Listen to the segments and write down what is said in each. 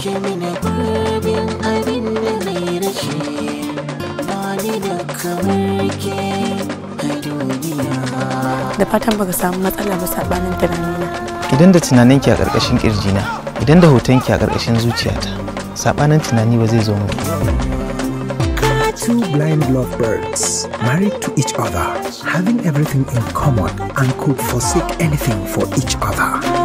Kin mini gurbin abin da nai rashi Ba ni da kamar ke a duniya Da fatan baka samu matsala ba sabanin tunanina Idan da tunaninki a ƙarƙashin ƙirjina Idan da hotonki a ƙarƙashin zuciyata Sabanin tunani ba zai zo mu Two blind lovebirds married to each other, having everything in common and could forsake anything for each other.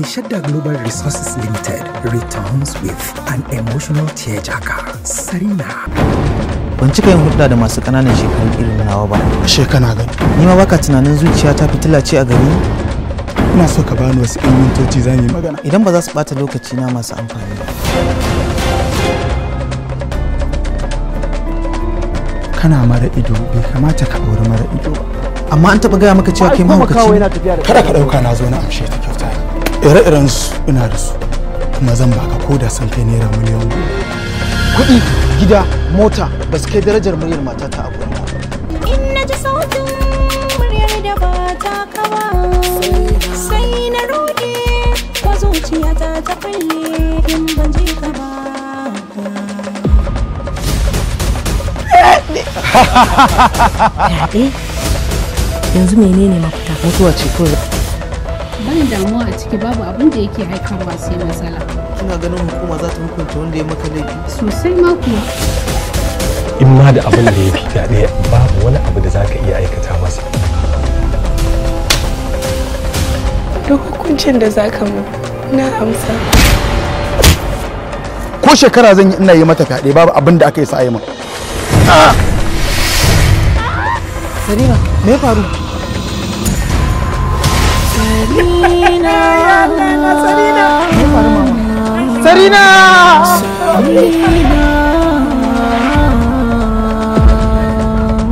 Shadda Global Resources Limited returns with an emotional tearjerker, Serena. Ban cika yin hulɗa da masu ƙananan shekaru irin nawa ba. Ashe na gani. Ni ma baka tunanin zuciya ta fitila ce a gari? Ina so ka bani wasu ƴan mintoci za yi magana. Idan ba za su ɓata lokaci na masu amfani ba. Kana mara ido bai kamata ka auri mara ido ba. Amma an taɓa gaya maka cewa kai mahaukaci. Kada ka ɗauka na zo na amshe ta kyau. ire-iren ina da su kuma zan baka ko da san kai naira miliyan kuɗi gida mota ba su kai darajar muryar matata a gurin in na ji sautin muryar da ba ta kawa sai na rode ko zuciyata ta kulle in ban ji ka ba yanzu menene mafita mutuwa ce kawai ban damuwa a ciki babu abin da yake haifarwa sai matsala ina ganin hukuma za ta hukunta wanda ya maka laifi sosai ma in ma da abin da ya fi daɗe babu wani abu da za ka iya aikata masa Da hukuncin da za ka na amsa ko shekara zan yi ina yi mata fyaɗe babu abin da aka yi sa'ayi min Sarira, me faru? sarina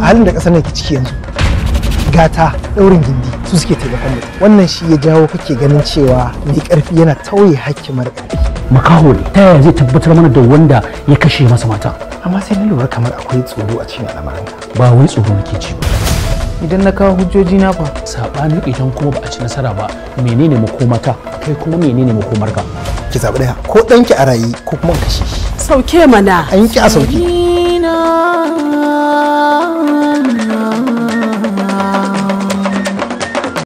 halin da ƙasar ke ciki yanzu gata ɗaurin gindi su suke taimakon mutum wannan shi ya jawo kake ganin cewa mai ƙarfi yana tauye hakkin mara ƙarfi makaho ta yaya zai tabbatar mana da wanda ya kashe masa mata amma sai na lura kamar akwai tsoro a cikin al'amuranka. ba wai tsoro nake ci ba idan na kawo hujjoji na fa Saɓani idan kuma ba a ci nasara ba menene makomata kai kuma menene makomarka ki zaɓi ɗaya ko ɗanki a rayu ko kuma kashe shi sauke mana an ki a sauke